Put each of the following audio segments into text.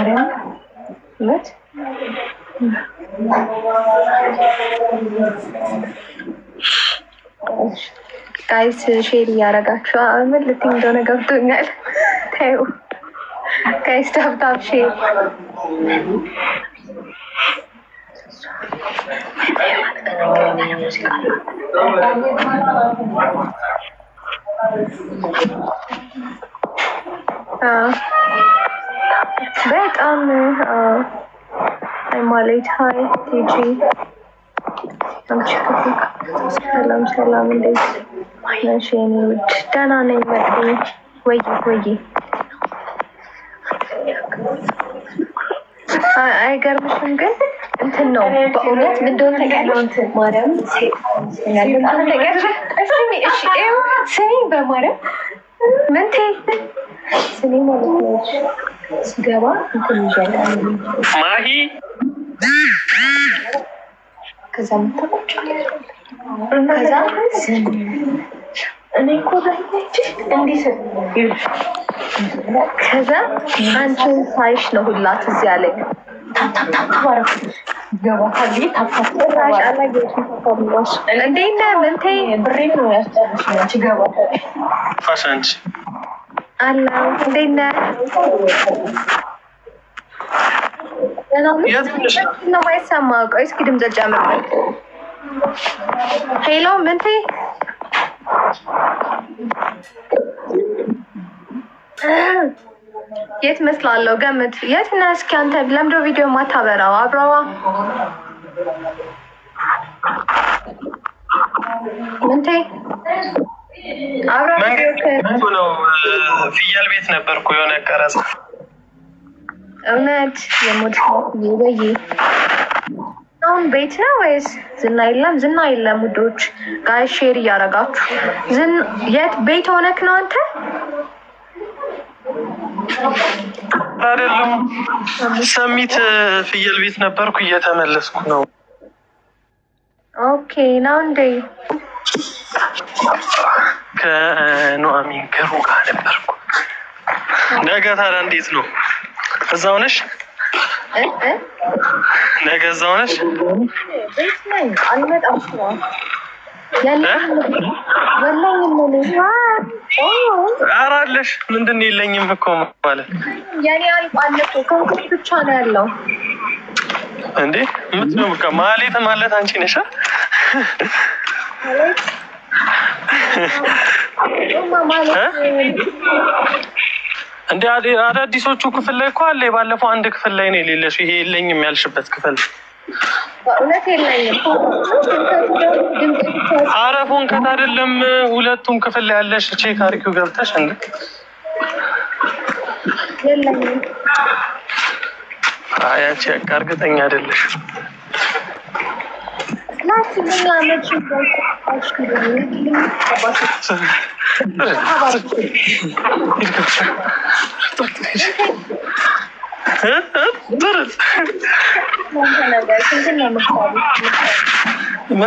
आ रहे हैं सूरज ጋይስ ምን ልትይ እንደሆነ ገብቶኛል። ታዩ ጋይስ ታብታብ ሼር ሙዚቃ በጣም ሃይማሌት ሀይ ቴጂ ሰላም ሰላም፣ እንዴት ነሽ የኔ ውድ? ደህና ነኝ። መጥኝ ወይ ወይ አይገርምሽም ግን እንትን ነው በእውነት ምን እንደሆነ ታውቂያለሽ? ማርያም ስሚ በማርያም ምንቴ ስሚ ማለት ነው ስገባ ማሂ ከዛ ምታቆጫ ከዛ እኔ እኮ ከዛ አንቺን ሳይሽ ነው ሁላ ትዝ ያለኝ። እንዴት ነህ? ምንቴ ብሬ ነው ያስጨርሽ ገባ አለው እንዴት ነህ? ነው ማይሰማ? ቆይ እስኪ ድምፅ ጨምር። ሄሎ ምንቴ የት መስላለሁ? ገምት። የት ነህ? እስኪ አንተ ለምዶ ቪዲዮ ማታበራው አብረዋ ምንቴ መንግስቱ ነው። ፍየል ቤት ነበርኩ የሆነ ቀረጻ እውነት የሞድ አሁን ቤት ነው ወይስ ዝና የለም? ዝና የለም። ውዶች ጋይ ሼር እያደረጋችሁ የት ቤት ሆነክ ነው አንተ? አይደለም ሰሚት ፍየል ቤት ነበርኩ እየተመለስኩ ነው። ኦኬ ነው እንዴ? ከኑአሚን ገሩ ጋር ነበርኩ። ነገ ታዲያ እንዴት ነው? እዛው ነሽ? ነገ እዛው ነሽ? ኧረ አለሽ። ምንድን ነው የለኝም እኮ ማለት ያኔ ብቻ ነው ያለው እንዴ? ምንድን ነው ማለት አንቺ ነሻ እንደ አዳዲሶቹ ክፍል ላይ እኮ አለ። ባለፈው አንድ ክፍል ላይ ነው የሌለሽ። ይሄ የለኝም ያልሽበት ክፍል አረፉን ከት ኧረ አይደለም፣ ሁለቱም ክፍል ላይ ያለሽ። ቼክ አርኪው ገብተሽ እንደ አያቺ እርግጠኛ አይደለሽ ምን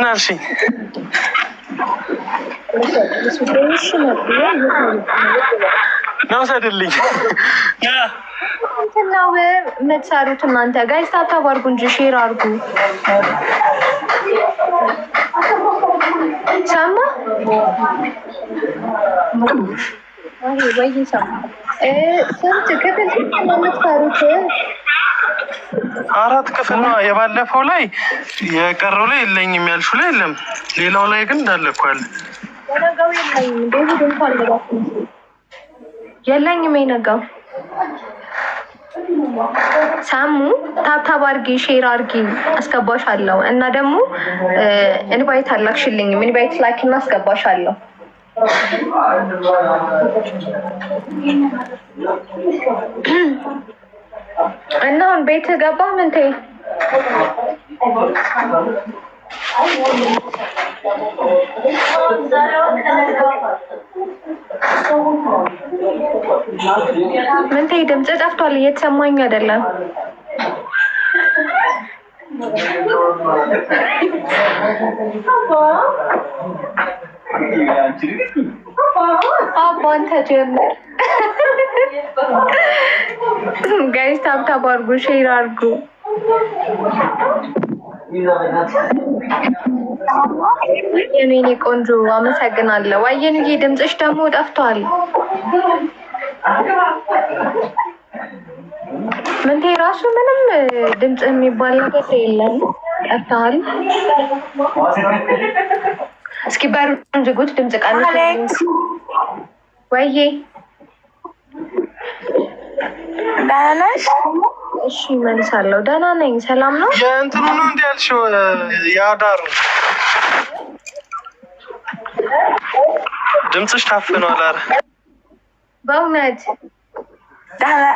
አልሽኝ? ነውሰድልኝ የምትሰሩት እናንተ? ጋይስ ታብታብ እንጂ ሼር አርጉ። ሰማ ስንት አራት ክፍል ነው። የባለፈው ላይ የቀረው ላይ የለኝም ያልሽው ላይ የለም። ሌላው ላይ ግን እንዳለኳል የለኝም የነጋው ሳሙ ታብታብ አርጊ፣ ሼር አርጊ፣ አስገባሽ አለው እና ደግሞ ኢንቫይት አላክሽልኝም። ኢንቫይት ላኪ እና አስገባሽ አለው። እና አሁን ቤት ገባ ምንቴ ምንቴ ድምፅ ጠፍቷል፣ እየተሰማኝ አይደለም። አባን ተጀመር ጋይስ ታብታብ አድርጉ፣ ሼር አድርጉ። የኔ ቆንጆ አመሰግናለሁ። አየንዬ ድምፅሽ ደግሞ ጠፍቷል። ምንቴ ራሱ ምንም ድምፅ የሚባል ነገር የለም። ጠፍተሃል። እስኪ በሩን ዝጉት። ድምፅ ቀንስ። ወይዬ ደህና ነሽ? እሺ መልሳለሁ። ደህና ነኝ። ሰላም ነው። የእንትኑ ነው እንዲ ያልሽው የአዳር ድምፅሽ ታፍኗል። አረ በእውነት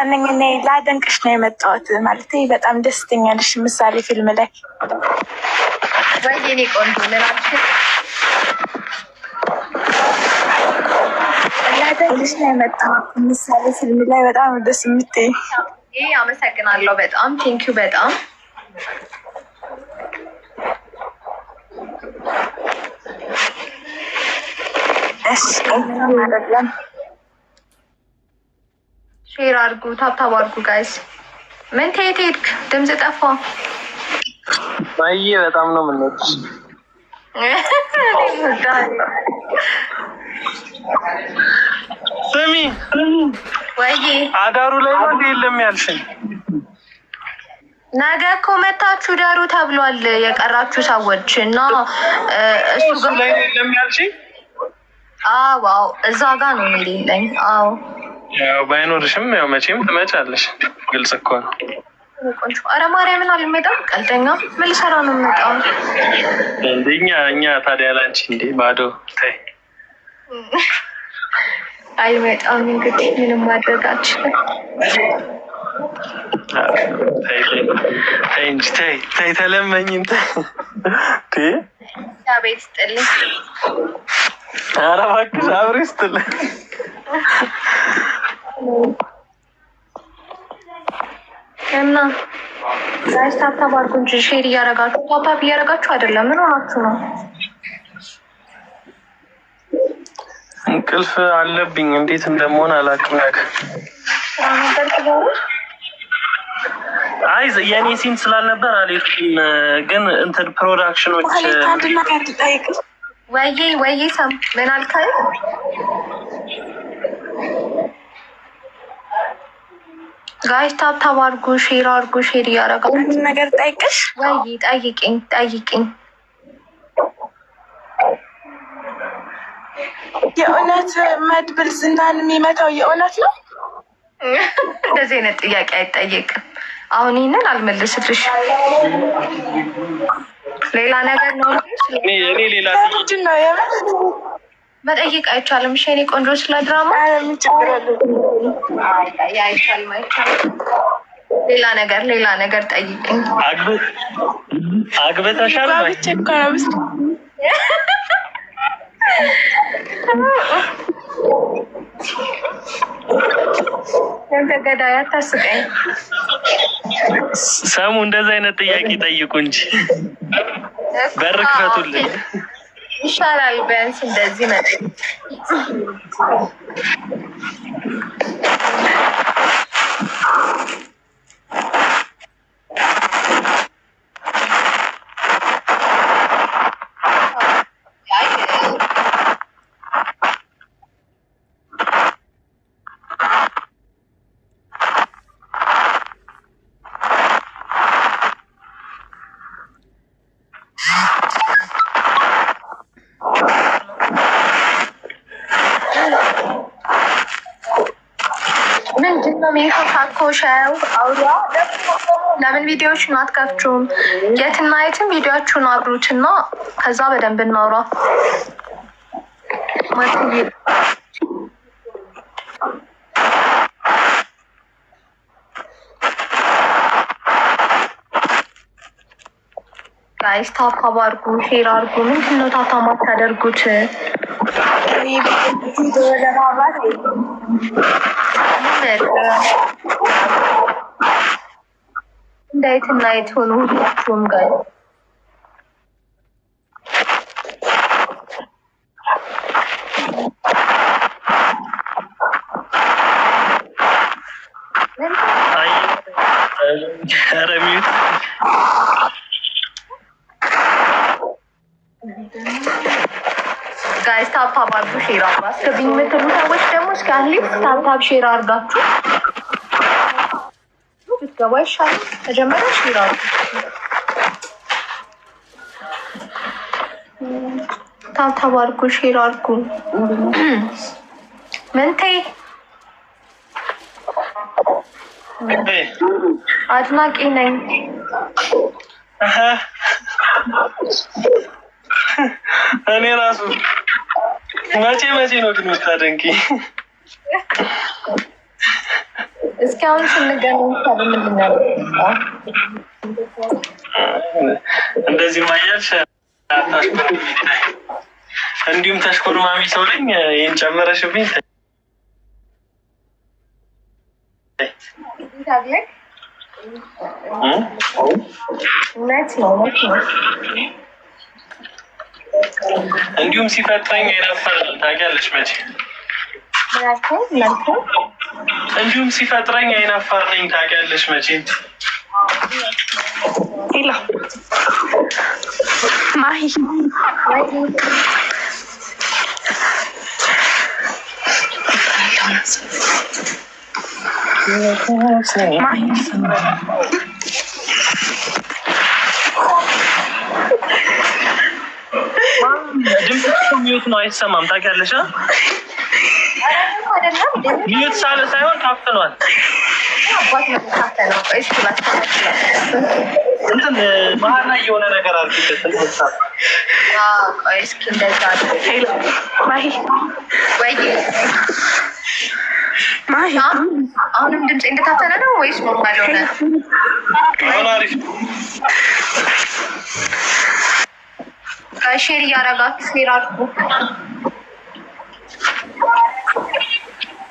እኔ ላደንቅሽ ነው የመጣሁት። ማለት በጣም ደስተኛ ነሽ። ምሳሌ ፊልም ላይ ላደንቅሽ ነው የመጣሁት። ምሳሌ ፊልም ላይ በጣም ደስ የምትይ። አመሰግናለሁ። በጣም ቴንኪው። በጣም ደስ አይደለም ሼር አድርጉ፣ ታብታብ አድርጉ ጋይስ። ምን ተየት ሄድክ? ድምፅ ጠፋ። ማየ በጣም ነው ምን ስሚ አዳሩ ላይ ነው እንዴ? የለም ያልሽኝ ነገ እኮ መታችሁ ዳሩ ተብሏል። የቀራችሁ ሰዎች እና እሱ ጋር ለም ያልሽኝ። አዎ እዛ ጋር ነው የሌለኝ። አዎ ያው ባይኖርሽም ያው መቼም ትመጫለሽ። ግልጽ እኮ ነው። አረ ማርያምን አልመጣም። ቀልደኛ ምን ልሰራ ነው የምመጣው? እንደኛ እኛ ታዲያ ላንቺ እንዴ ባዶ ታይ አይመጣም። እንግዲህ ምንም ማድረግ አልችልም። ታይ ተይ ተይ እንጂ ታይ ተይ ተለመኝም ተይ ቤት ስጥልኝ። ኧረ እባክሽ አብሬ ስጥልኝ። እና ዛሬ ታብታብ አድርጉ እንጂ ሼር እያረጋችሁ ታብታብ እያረጋችሁ አይደለም። ምን ሆናችሁ ነው? እንቅልፍ አለብኝ። እንዴት እንደመሆን አላውቅም ነገር አይ የእኔ ሲን ስላልነበር አልሄድኩም። ግን እንትን ፕሮዳክሽኖች ወይ ወይ ሰም ምን አልከኝ? ጋይስ ታብታብ አድርጉ፣ ሼር አርጉ፣ ሼር እያደረጋችሁ ነገር ጠይቅሽ ወይ ጠይቅኝ፣ ጠይቅኝ የእውነት መድብል ዝናን የሚመታው የእውነት ነው። እንደዚህ አይነት ጥያቄ አይጠየቅም። አሁን ይህንን አልመልስልሽ። ሌላ ነገር ነው መጠየቅ አይቻልም። እሺ የእኔ ቆንጆ ስለ ድራማ አይቻልም፣ አይቻልም። ሌላ ነገር ሌላ ነገር ጠይቅኝ። አግበታሻል ገዳይ አታስቀኝ። ሰሙ እንደዚህ አይነት ጥያቄ ጠይቁ እንጂ በር ክፈቱልን ይሻላል። ቢያንስ እንደዚህ መጠ ኮሸው ለምን ቪዲዮዎችን አትከፍቹም? የትና የትም ቪዲዮችሁን አብሩት እና ከዛ በደንብ እናውራ። ጋይስ ታፓብ አድርጉ፣ ሼር አድርጉ። ምንድነው ታፓማት ያደርጉት? እንዳይት ናይት ሆኑ ሁላችሁም ጋር ጋይስ ታፓ ባዱ ሼራ አስገብኝ የምትሉ ሰዎች ሰዎች ከአትሊስት ታብታብ ሼር አድርጋችሁ ብትገባ ይሻላል። መጀመሪያ ሼር አድርጉ። ታብታብ አድርጉ፣ ሼር አድርጉ። ምንቴ አድናቂ ነኝ። እኔ ራሱ መቼ መቼ ነው ግን ምታደንቂ? እስካሁን ስንገናኝ ምንድነው እንደዚህ ማያልሽ እንዲሁም ተሽኮርማሚ ሰው ነኝ። ይህን ጨመረሽብኝ። እንዲሁም ሲፈጥረኝ አይናፋ ታውቂያለሽ መቼ እንዲሁም ሲፈጥረኝ አይናፋር ነኝ ታውቂያለሽ መቼም ማሂ ድምፅ ሚዩት ነው አይሰማም ታውቂያለሽ ልዩት ሳለ ሳይሆን ታፍኗል። እንትን መሀል ላይ የሆነ ነገር አድርጊበት። አሁንም ድምፅ እንደታፈነ ነው ወይስ ኖርማል ሆነ? ሼር እያረጋችሁ ሼር አድርጉ።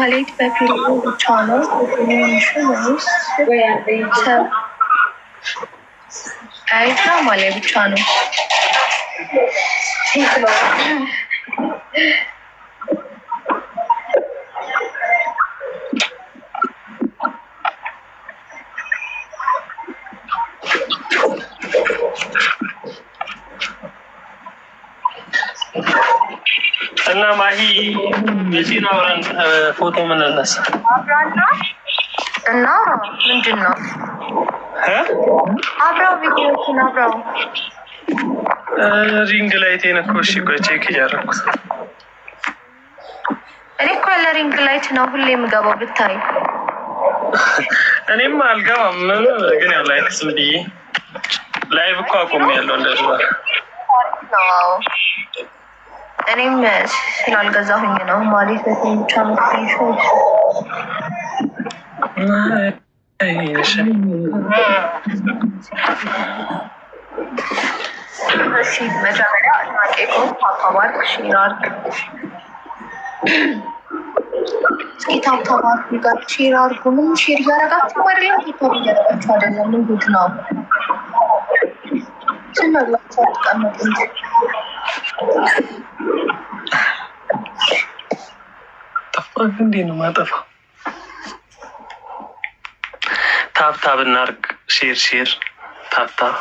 ማህሌት በፊልሙ ብቻ ነው ወይስ ብቻ ነው? ፎቶ ምን እነሳ እና ምንድን ነው አብረው ቪዲዮችን አብረው ሪንግ ላይት እኮ እሺ፣ ቆይ ቼክ እያደረኩት እኔ እኮ ያለ ሪንግ ላይት ነው ሁሌ የምገባው ብታይ። እኔም አልገባም ግን ያው ላይት ስም ብዬ ላይቭ እኮ አቁሜ ያለው እንደዛ እኔም ስላልገዛሁኝ ነው ማለት ብቻ ምክሽ እሺ መጀመሪያ እናቄቆ ታፓባርክ ሼራርክ እስኪ ታፓባርክ ጋር ሼራርኩ ምን ሼር እያረጋችሁ አይደለም ታፓብ እያረጋችሁ አይደለም እንዴት ነው ስመላቸው አትቀመጥ እንጂ ጥፋት እንዴ ነው ማጠፋው? ታብታብ እናርግ። ሼር ሼር ታብታብ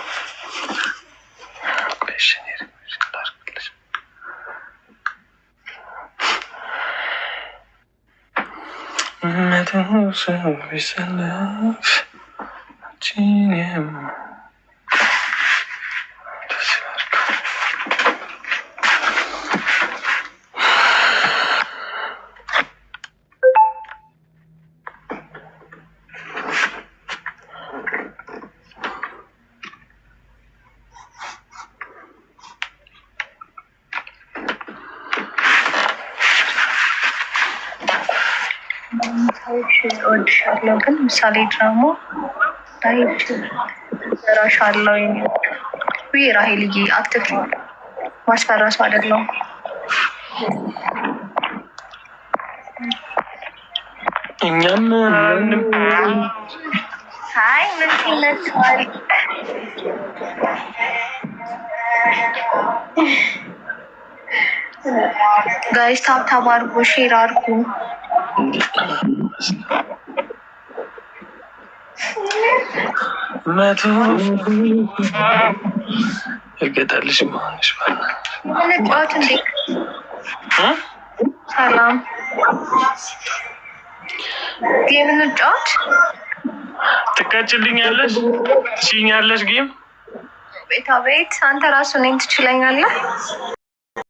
ሰላፍ ሰዎች እወድሻለሁ ግን ምሳሌ ድራማ ዳይች ራሽ አለው ይ ራሄልዬ አክትፍ ማስፈራሱ አይደለም እኛም አይ ምን ይመስላል ጋይስ ታብታብ አድርጎ ሼር አድርጉ መቶ እገጣልሽ መሆንሽ ሰላም ጌም እንጫወት። ትቀጭልኛለሽ፣ ትችኛለሽ ጌም ቤታ ቤት አንተ ራሱ እኔን ትችለኛለህ።